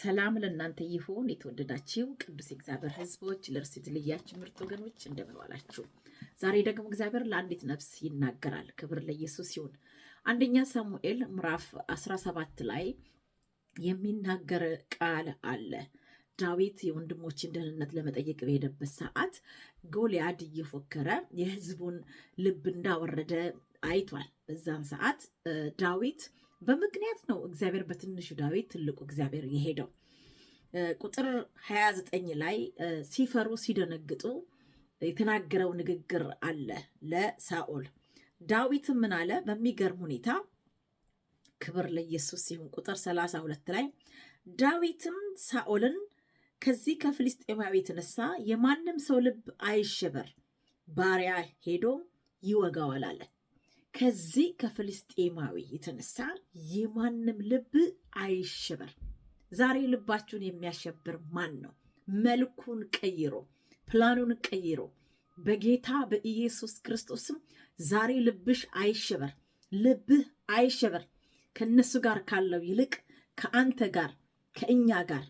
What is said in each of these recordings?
ሰላም ለእናንተ ይሁን የተወደዳችሁ ቅዱስ የእግዚአብሔር ሕዝቦች ለእርስ የተለያችሁ ምርጥ ወገኖች እንደምን ዋላችሁ? ዛሬ ደግሞ እግዚአብሔር ለአንዲት ነፍስ ይናገራል። ክብር ለኢየሱስ ይሁን። አንደኛ ሳሙኤል ምዕራፍ 17 ላይ የሚናገር ቃል አለ። ዳዊት የወንድሞችን ደህንነት ለመጠየቅ በሄደበት ሰዓት ጎልያድ እየፎከረ የህዝቡን ልብ እንዳወረደ አይቷል። በዛን ሰዓት ዳዊት በምክንያት ነው እግዚአብሔር በትንሹ ዳዊት ትልቁ እግዚአብሔር የሄደው። ቁጥር 29 ላይ ሲፈሩ ሲደነግጡ የተናገረው ንግግር አለ ለሳኦል። ዳዊትም ምን አለ? በሚገርም ሁኔታ ክብር ለኢየሱስ ሲሆን ቁጥር 32 ላይ ዳዊትም ሳኦልን ከዚህ ከፍልስጤማዊ የተነሳ የማንም ሰው ልብ አይሸበር፣ ባሪያ ሄዶ ይወጋዋል አለን። ከዚህ ከፍልስጤማዊ የተነሳ የማንም ልብ አይሽበር ዛሬ ልባችሁን የሚያሸብር ማን ነው? መልኩን ቀይሮ ፕላኑን ቀይሮ በጌታ በኢየሱስ ክርስቶስም ዛሬ ልብሽ አይሽበር ልብህ አይሽበር ከእነሱ ጋር ካለው ይልቅ ከአንተ ጋር ከእኛ ጋር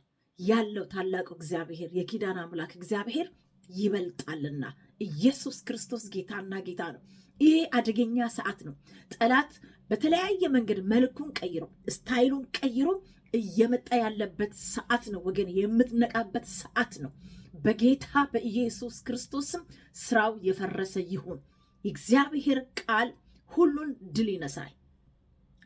ያለው ታላቁ እግዚአብሔር የኪዳን አምላክ እግዚአብሔር ይበልጣልና ኢየሱስ ክርስቶስ ጌታና ጌታ ነው። ይሄ አደገኛ ሰዓት ነው። ጠላት በተለያየ መንገድ መልኩን ቀይሮ ስታይሉን ቀይሮ እየመጣ ያለበት ሰዓት ነው ወገን፣ የምትነቃበት ሰዓት ነው። በጌታ በኢየሱስ ክርስቶስም ስራው የፈረሰ ይሁን። የእግዚአብሔር ቃል ሁሉን ድል ይነሳል።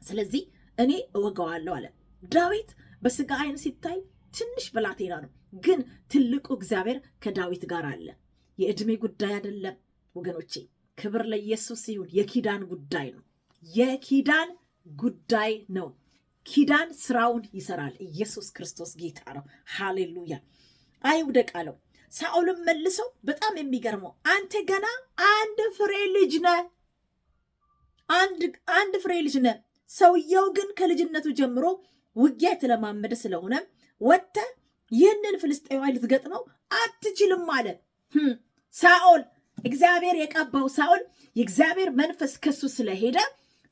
ስለዚህ እኔ እወገዋለሁ አለ ዳዊት። በስጋ አይን ሲታይ ትንሽ ብላቴና ነው፣ ግን ትልቁ እግዚአብሔር ከዳዊት ጋር አለ። የእድሜ ጉዳይ አይደለም ወገኖቼ። ክብር ለኢየሱስ ይሁን። የኪዳን ጉዳይ ነው። የኪዳን ጉዳይ ነው። ኪዳን ስራውን ይሰራል። ኢየሱስ ክርስቶስ ጌታ ነው። ሃሌሉያ። አይውደቅ አለው። ሳኦልም መልሰው በጣም የሚገርመው አንተ ገና አንድ ፍሬ ልጅ ነ አንድ ፍሬ ልጅ ነ ሰውየው ግን ከልጅነቱ ጀምሮ ውጊያ የተለማመደ ስለሆነ ወጥተህ ይህንን ፍልስጤማዊ ልትገጥመው አትችልም አለ ሳኦል እግዚአብሔር የቀባው ሳውል የእግዚአብሔር መንፈስ ከሱ ስለሄደ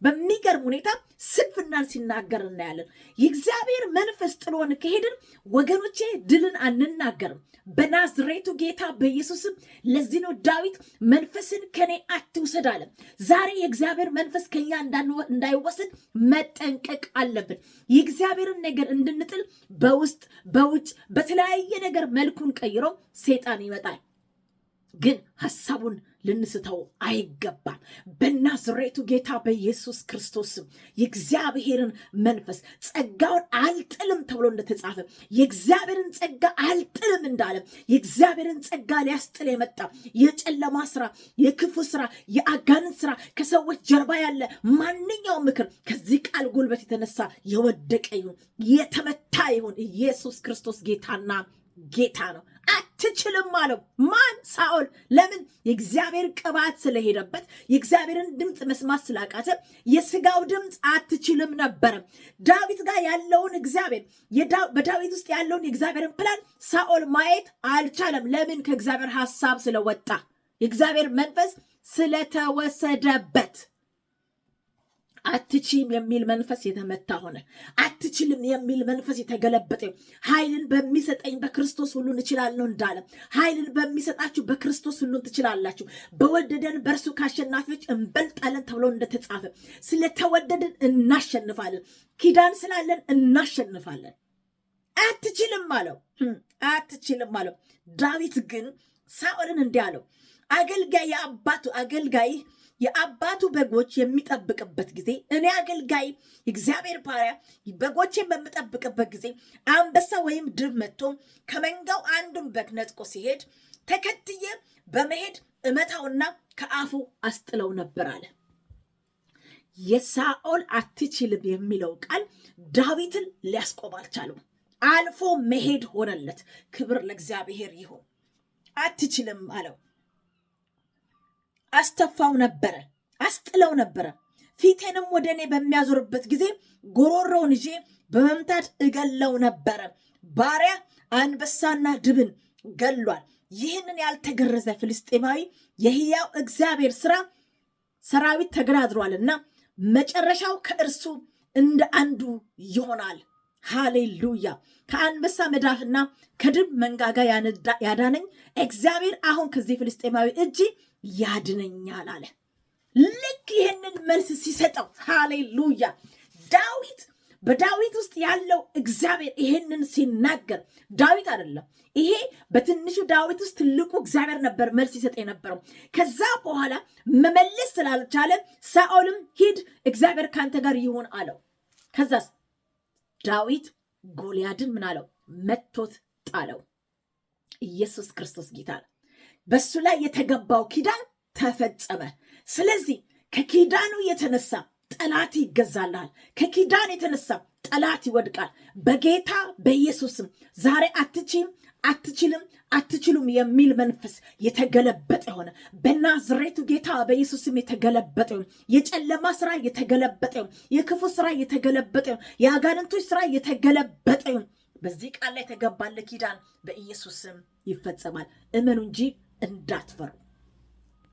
በሚገርም ሁኔታ ስንፍናን ሲናገር እናያለን። የእግዚአብሔር መንፈስ ጥሎን ከሄድን ወገኖቼ ድልን አንናገርም። በናዝሬቱ ጌታ በኢየሱስም ለዚህ ነው ዳዊት መንፈስን ከኔ አትውሰድ አለ። ዛሬ የእግዚአብሔር መንፈስ ከኛ እንዳይወሰድ መጠንቀቅ አለብን። የእግዚአብሔርን ነገር እንድንጥል በውስጥ በውጭ በተለያየ ነገር መልኩን ቀይሮ ሴጣን ይመጣል። ግን ሀሳቡን ልንስተው አይገባም። በናዝሬቱ ጌታ በኢየሱስ ክርስቶስም የእግዚአብሔርን መንፈስ ጸጋውን አልጥልም ተብሎ እንደተጻፈ የእግዚአብሔርን ጸጋ አልጥልም እንዳለ የእግዚአብሔርን ጸጋ ሊያስጥል የመጣ የጨለማ ስራ፣ የክፉ ስራ፣ የአጋንን ስራ፣ ከሰዎች ጀርባ ያለ ማንኛውም ምክር ከዚህ ቃል ጉልበት የተነሳ የወደቀ ይሁን የተመታ ይሁን። ኢየሱስ ክርስቶስ ጌታና ጌታ ነው። አትችልም አለው። ማን? ሳኦል። ለምን? የእግዚአብሔር ቅባት ስለሄደበት፣ የእግዚአብሔርን ድምፅ መስማት ስላቃተ፣ የስጋው ድምፅ አትችልም ነበረ። ዳዊት ጋር ያለውን እግዚአብሔር በዳዊት ውስጥ ያለውን የእግዚአብሔርን ፕላን ሳኦል ማየት አልቻለም። ለምን? ከእግዚአብሔር ሀሳብ ስለወጣ፣ የእግዚአብሔር መንፈስ ስለተወሰደበት አትችም የሚል መንፈስ የተመታ ሆነ። አትችልም የሚል መንፈስ የተገለበጠ ኃይልን በሚሰጠኝ በክርስቶስ ሁሉን እችላለሁ እንዳለ ኃይልን በሚሰጣችሁ በክርስቶስ ሁሉን ትችላላችሁ፣ በወደደን በእርሱ ከአሸናፊዎች እንበልጣለን ተብሎ እንደተጻፈ ስለተወደድን እናሸንፋለን። ኪዳን ስላለን እናሸንፋለን። አትችልም አለው። hm፣ አትችልም አለው። ዳዊት ግን ሳኦልን እንዲህ አለው፣ አገልጋይ የአባቱ አገልጋይ የአባቱ በጎች የሚጠብቅበት ጊዜ እኔ አገልጋይ እግዚአብሔር ባሪያ በጎቼን በምጠብቅበት ጊዜ አንበሳ ወይም ድብ መጥቶ ከመንጋው አንዱን በግ ነጥቆ ሲሄድ ተከትዬ በመሄድ እመታውና ከአፉ አስጥለው ነበር አለ። የሳኦል አትችልም የሚለው ቃል ዳዊትን ሊያስቆም አልቻለም። አልፎ መሄድ ሆነለት። ክብር ለእግዚአብሔር ይሁን። አትችልም አለው። አስተፋው ነበረ፣ አስጥለው ነበረ። ፊቴንም ወደ እኔ በሚያዞርበት ጊዜ ጎሮሮውን ይዤ በመምታት እገለው ነበረ። ባሪያ አንበሳና ድብን ገሏል። ይህንን ያልተገረዘ ፍልስጤማዊ የህያው እግዚአብሔር ስራ ሰራዊት እና መጨረሻው ከእርሱ እንደ አንዱ ይሆናል። ሃሌሉያ! ከአንበሳ መዳፍና ከድብ መንጋጋ ያዳነኝ እግዚአብሔር አሁን ከዚህ ፍልስጤማዊ እጅ ያድነኛል አለ። ልክ ይህንን መልስ ሲሰጠው ሃሌሉያ ዳዊት በዳዊት ውስጥ ያለው እግዚአብሔር ይህንን ሲናገር ዳዊት አይደለም ይሄ በትንሹ ዳዊት ውስጥ ትልቁ እግዚአብሔር ነበር መልስ ይሰጥ የነበረው። ከዛ በኋላ መመለስ ስላልቻለ ሳኦልም ሂድ እግዚአብሔር ካንተ ጋር ይሁን አለው። ከዛስ ዳዊት ጎልያድን ምን አለው? መቶት ጣለው። ኢየሱስ ክርስቶስ ጌታ ነው። በሱ ላይ የተገባው ኪዳን ተፈጸመ። ስለዚህ ከኪዳኑ የተነሳ ጠላት ይገዛልሃል። ከኪዳን የተነሳ ጠላት ይወድቃል። በጌታ በኢየሱስም ዛሬ አትችም፣ አትችልም፣ አትችሉም የሚል መንፈስ የተገለበጠ የሆነ በናዝሬቱ ጌታ በኢየሱስም የተገለበጠ የሆነ የጨለማ ስራ የተገለበጠ የሆነ የክፉ ስራ የተገለበጠ የሆነ የአጋንንቶች ስራ የተገለበጠ የሆነ በዚህ ቃል ላይ የተገባለ ኪዳን በኢየሱስም ይፈጸማል። እመኑ እንጂ እንዳትፈሩ